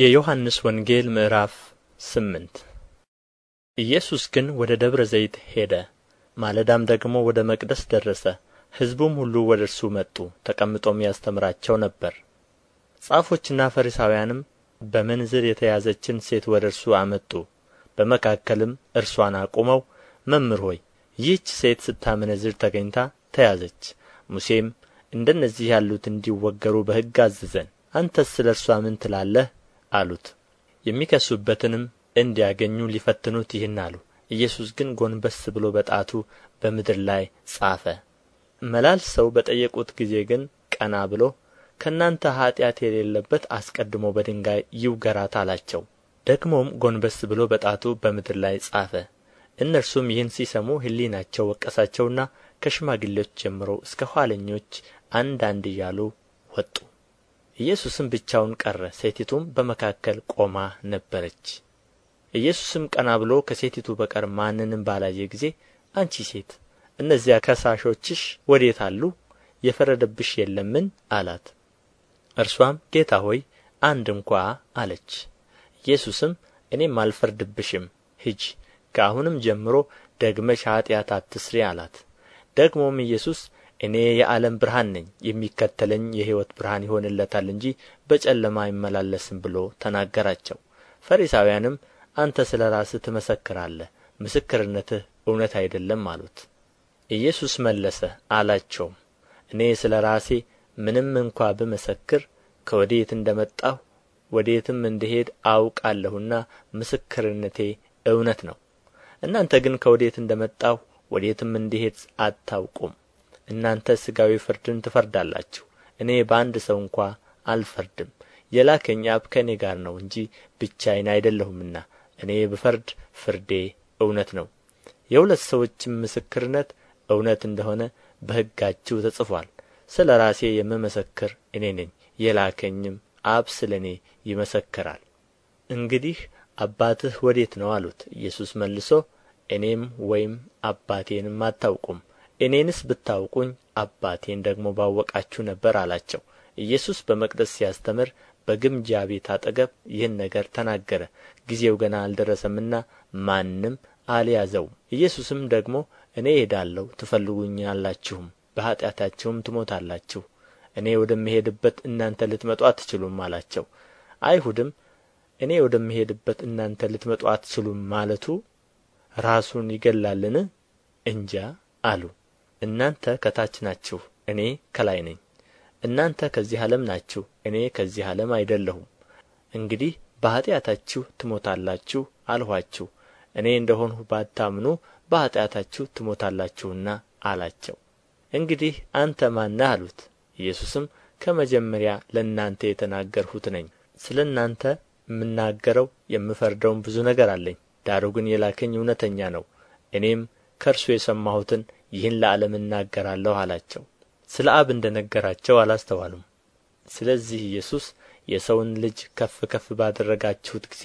የዮሐንስ ወንጌል ምዕራፍ ስምንት ኢየሱስ ግን ወደ ደብረ ዘይት ሄደ። ማለዳም ደግሞ ወደ መቅደስ ደረሰ። ሕዝቡም ሁሉ ወደ እርሱ መጡ፣ ተቀምጦም ያስተምራቸው ነበር። ጻፎችና ፈሪሳውያንም በምንዝር የተያዘችን ሴት ወደ እርሱ አመጡ። በመካከልም እርሷን አቁመው መምህር ሆይ ይህች ሴት ስታመነዝር ተገኝታ ተያዘች። ሙሴም እንደነዚህ ያሉት እንዲወገሩ በሕግ አዘዘን። አንተስ ስለ እርሷ ምን ትላለህ አሉት የሚከሱበትንም እንዲያገኙ ሊፈትኑት ይህን አሉ ኢየሱስ ግን ጎንበስ ብሎ በጣቱ በምድር ላይ ጻፈ መላል ሰው በጠየቁት ጊዜ ግን ቀና ብሎ ከእናንተ ኃጢአት የሌለበት አስቀድሞ በድንጋይ ይውገራት አላቸው ደግሞም ጎንበስ ብሎ በጣቱ በምድር ላይ ጻፈ እነርሱም ይህን ሲሰሙ ሕሊናቸው ወቀሳቸውና ከሽማግሌዎች ጀምሮ እስከ ኋለኞች አንዳንድ እያሉ ወጡ ኢየሱስም ብቻውን ቀረ ሴቲቱም በመካከል ቆማ ነበረች ኢየሱስም ቀና ብሎ ከሴቲቱ በቀር ማንንም ባላየ ጊዜ አንቺ ሴት እነዚያ ከሳሾችሽ ወዴት አሉ የፈረደብሽ የለምን አላት እርሷም ጌታ ሆይ አንድ እንኳ አለች ኢየሱስም እኔም አልፈርድብሽም ሂጂ ከአሁንም ጀምሮ ደግመሽ ኃጢአት አትስሪ አላት ደግሞም ኢየሱስ እኔ የዓለም ብርሃን ነኝ የሚከተለኝ የሕይወት ብርሃን ይሆንለታል እንጂ በጨለማ አይመላለስም ብሎ ተናገራቸው ፈሪሳውያንም አንተ ስለ ራስህ ትመሰክራለህ ምስክርነትህ እውነት አይደለም አሉት ኢየሱስ መለሰ አላቸውም እኔ ስለ ራሴ ምንም እንኳ ብመሰክር ከወዴት እንደ መጣሁ ወዴትም እንድሄድ አውቃለሁና ምስክርነቴ እውነት ነው እናንተ ግን ከወዴት እንደ መጣሁ ወዴትም እንድሄድ አታውቁም እናንተ ሥጋዊ ፍርድን ትፈርዳላችሁ፣ እኔ በአንድ ሰው እንኳ አልፈርድም። የላከኝ አብ ከእኔ ጋር ነው እንጂ ብቻዬን አይደለሁምና እኔ ብፈርድ ፍርዴ እውነት ነው። የሁለት ሰዎችም ምስክርነት እውነት እንደሆነ በሕጋችሁ ተጽፏል። ስለ ራሴ የምመሰክር እኔ ነኝ፣ የላከኝም አብ ስለ እኔ ይመሰክራል። እንግዲህ አባትህ ወዴት ነው አሉት። ኢየሱስ መልሶ እኔም ወይም አባቴንም አታውቁም እኔንስ ብታውቁኝ አባቴን ደግሞ ባወቃችሁ ነበር አላቸው ኢየሱስ በመቅደስ ሲያስተምር በግምጃ ቤት አጠገብ ይህን ነገር ተናገረ ጊዜው ገና አልደረሰምና ማንም አልያዘውም ኢየሱስም ደግሞ እኔ እሄዳለሁ ትፈልጉኛላችሁም በኃጢአታችሁም ትሞታላችሁ እኔ ወደምሄድበት እናንተ ልትመጡ አትችሉም አላቸው አይሁድም እኔ ወደምሄድበት እናንተ ልትመጡ አትችሉም ማለቱ ራሱን ይገላልን እንጃ አሉ እናንተ ከታች ናችሁ እኔ ከላይ ነኝ እናንተ ከዚህ ዓለም ናችሁ እኔ ከዚህ ዓለም አይደለሁም እንግዲህ በኃጢአታችሁ ትሞታላችሁ አልኋችሁ እኔ እንደ ሆንሁ ባታምኑ በኃጢአታችሁ ትሞታላችሁና አላቸው እንግዲህ አንተ ማን አሉት ኢየሱስም ከመጀመሪያ ለእናንተ የተናገርሁት ነኝ ስለ እናንተ የምናገረው የምፈርደውም ብዙ ነገር አለኝ ዳሩ ግን የላከኝ እውነተኛ ነው እኔም ከእርሱ የሰማሁትን ይህን ለዓለም እናገራለሁ አላቸው። ስለ አብ እንደ ነገራቸው አላስተዋሉም። ስለዚህ ኢየሱስ የሰውን ልጅ ከፍ ከፍ ባደረጋችሁት ጊዜ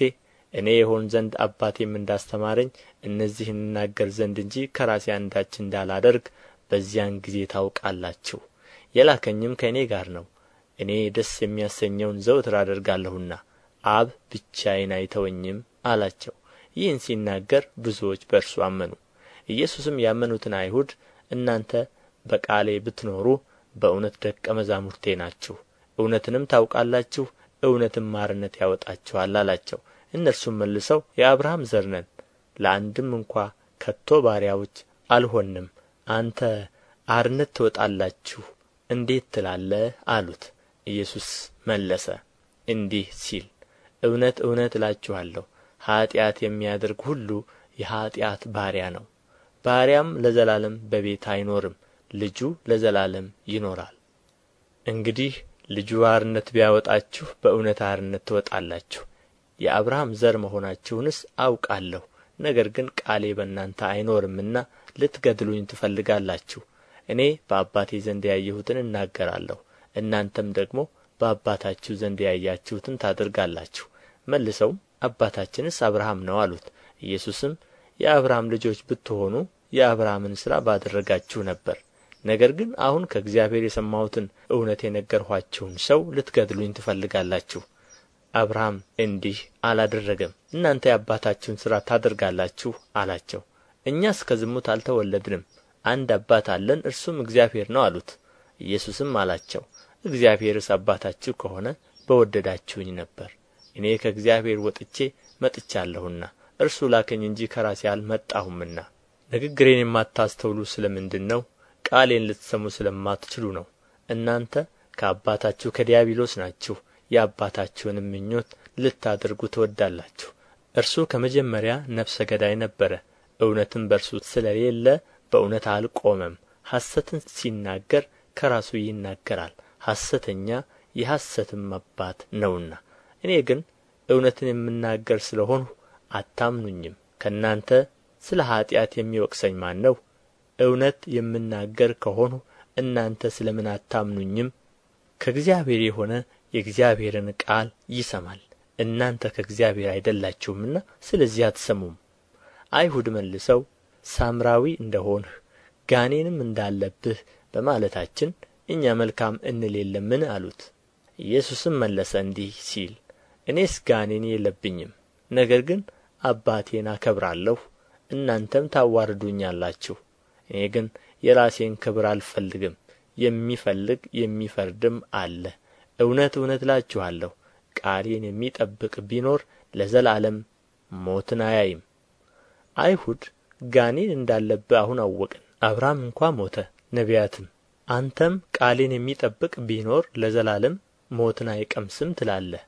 እኔ የሆን ዘንድ አባቴም እንዳስተማረኝ እነዚህን እናገር ዘንድ እንጂ ከራሴ አንዳች እንዳላደርግ በዚያን ጊዜ ታውቃላችሁ። የላከኝም ከእኔ ጋር ነው። እኔ ደስ የሚያሰኘውን ዘውትር አደርጋለሁና አብ ብቻዬን አይተወኝም አላቸው። ይህን ሲናገር ብዙዎች በእርሱ አመኑ። ኢየሱስም ያመኑትን አይሁድ እናንተ በቃሌ ብትኖሩ በእውነት ደቀ መዛሙርቴ ናችሁ እውነትንም ታውቃላችሁ እውነትም አርነት ያወጣችኋል አላቸው እነርሱም መልሰው የአብርሃም ዘር ነን ለአንድም እንኳ ከቶ ባሪያዎች አልሆንም አንተ አርነት ትወጣላችሁ እንዴት ትላለህ አሉት ኢየሱስ መለሰ እንዲህ ሲል እውነት እውነት እላችኋለሁ ኀጢአት የሚያደርግ ሁሉ የኀጢአት ባሪያ ነው ባሪያም ለዘላለም በቤት አይኖርም ልጁ ለዘላለም ይኖራል እንግዲህ ልጁ አርነት ቢያወጣችሁ በእውነት አርነት ትወጣላችሁ የአብርሃም ዘር መሆናችሁንስ አውቃለሁ ነገር ግን ቃሌ በእናንተ አይኖርምና ልትገድሉኝ ትፈልጋላችሁ እኔ በአባቴ ዘንድ ያየሁትን እናገራለሁ እናንተም ደግሞ በአባታችሁ ዘንድ ያያችሁትን ታደርጋላችሁ መልሰውም አባታችንስ አብርሃም ነው አሉት ኢየሱስም የአብርሃም ልጆች ብትሆኑ የአብርሃምን ሥራ ባደረጋችሁ ነበር። ነገር ግን አሁን ከእግዚአብሔር የሰማሁትን እውነት የነገርኋችሁን ሰው ልትገድሉኝ ትፈልጋላችሁ። አብርሃም እንዲህ አላደረገም፣ እናንተ የአባታችሁን ሥራ ታደርጋላችሁ አላቸው። እኛስ ከዝሙት አልተወለድንም፣ አንድ አባት አለን፣ እርሱም እግዚአብሔር ነው አሉት። ኢየሱስም አላቸው፣ እግዚአብሔርስ አባታችሁ ከሆነ በወደዳችሁኝ ነበር፣ እኔ ከእግዚአብሔር ወጥቼ መጥቻለሁና እርሱ ላከኝ እንጂ ከራሴ አልመጣሁምና ንግግሬን የማታስተውሉ ስለ ነው ቃሌን ልትሰሙ ስለማትችሉ ነው እናንተ ከአባታችሁ ከዲያብሎስ ናችሁ የአባታችሁንም ምኞት ልታደርጉ ትወዳላችሁ እርሱ ከመጀመሪያ ነፍሰ ገዳይ ነበረ እውነትም በእርሱ ስለሌለ በእውነት አልቆመም ሐሰትን ሲናገር ከራሱ ይናገራል ሐሰተኛ የሐሰትም አባት ነውና እኔ ግን እውነትን የምናገር ስለ ሆንሁ አታምኑኝም ከእናንተ ስለ ኃጢአት የሚወቅሰኝ ማን ነው እውነት የምናገር ከሆኑ እናንተ ስለ ምን አታምኑኝም ከእግዚአብሔር የሆነ የእግዚአብሔርን ቃል ይሰማል እናንተ ከእግዚአብሔር አይደላችሁምና ስለዚህ አትሰሙም አይሁድ መልሰው ሳምራዊ እንደ ሆንህ ጋኔንም እንዳለብህ በማለታችን እኛ መልካም እንል የለምን አሉት ኢየሱስም መለሰ እንዲህ ሲል እኔስ ጋኔን የለብኝም ነገር ግን አባቴን አከብራለሁ እናንተም ታዋርዱኛላችሁ እኔ ግን የራሴን ክብር አልፈልግም የሚፈልግ የሚፈርድም አለ እውነት እውነት እላችኋለሁ ቃሌን የሚጠብቅ ቢኖር ለዘላለም ሞትን አያይም አይሁድ ጋኔን እንዳለብህ አሁን አወቅን አብርሃም እንኳ ሞተ ነቢያትም አንተም ቃሌን የሚጠብቅ ቢኖር ለዘላለም ሞትን አይቀምስም ትላለህ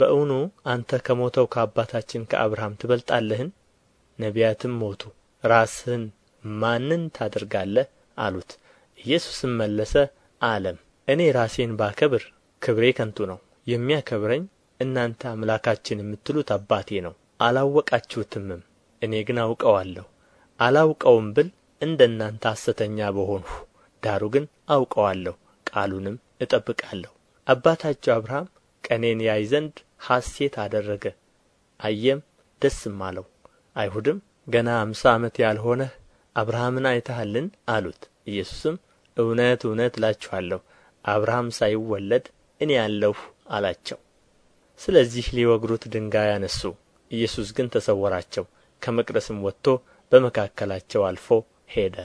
በእውኑ አንተ ከሞተው ከአባታችን ከአብርሃም ትበልጣለህን ነቢያትም ሞቱ ራስህን ማንን ታደርጋለህ አሉት ኢየሱስም መለሰ አለም እኔ ራሴን ባከብር ክብሬ ከንቱ ነው የሚያከብረኝ እናንተ አምላካችን የምትሉት አባቴ ነው አላወቃችሁትምም እኔ ግን አውቀዋለሁ አላውቀውም ብል እንደ እናንተ ሐሰተኛ በሆንሁ ዳሩ ግን አውቀዋለሁ ቃሉንም እጠብቃለሁ አባታችሁ አብርሃም ቀኔን ያይ ዘንድ ሐሴት አደረገ አየም ደስም አለው አይሁድም ገና አምሳ ዓመት ያልሆነህ አብርሃምን አይተሃልን አሉት ኢየሱስም እውነት እውነት እላችኋለሁ አብርሃም ሳይወለድ እኔ አለሁ አላቸው ስለዚህ ሊወግሩት ድንጋይ አነሱ ኢየሱስ ግን ተሰወራቸው ከመቅደስም ወጥቶ በመካከላቸው አልፎ ሄደ